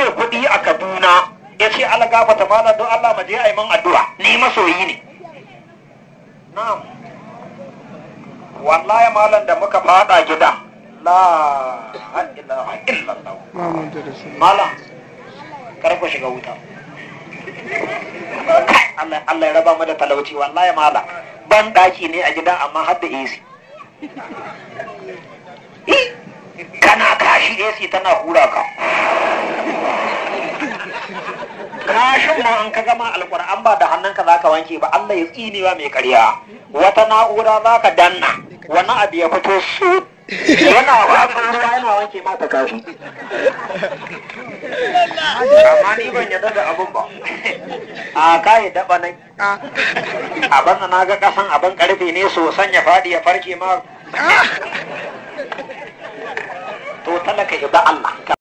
mai kuɗi a Kaduna ya ce Allah gafata malam don Allah maje a yi man addu'a ni masoyi ne na'am wallahi malam da muka fada gida la ilaha illallah malam kar ku shiga wuta Allah ya raba mu da talauci wallahi malam ban daki ne a gida amma har da AC kana kashi AC tana hura ka gashin ma an ka gama an ba da hannunka za ka wanke ba Allah ya tsini ba mai karya wata na'ura za ka danna wani abu ya fito su yana watsa ruwa yana wanke ma ta kashi amma ni ban yadda da abun ba a kayi daba nan abin da na ga kasan abin karfe ne so ya faɗi ya farke ma to talaka ya ba Allah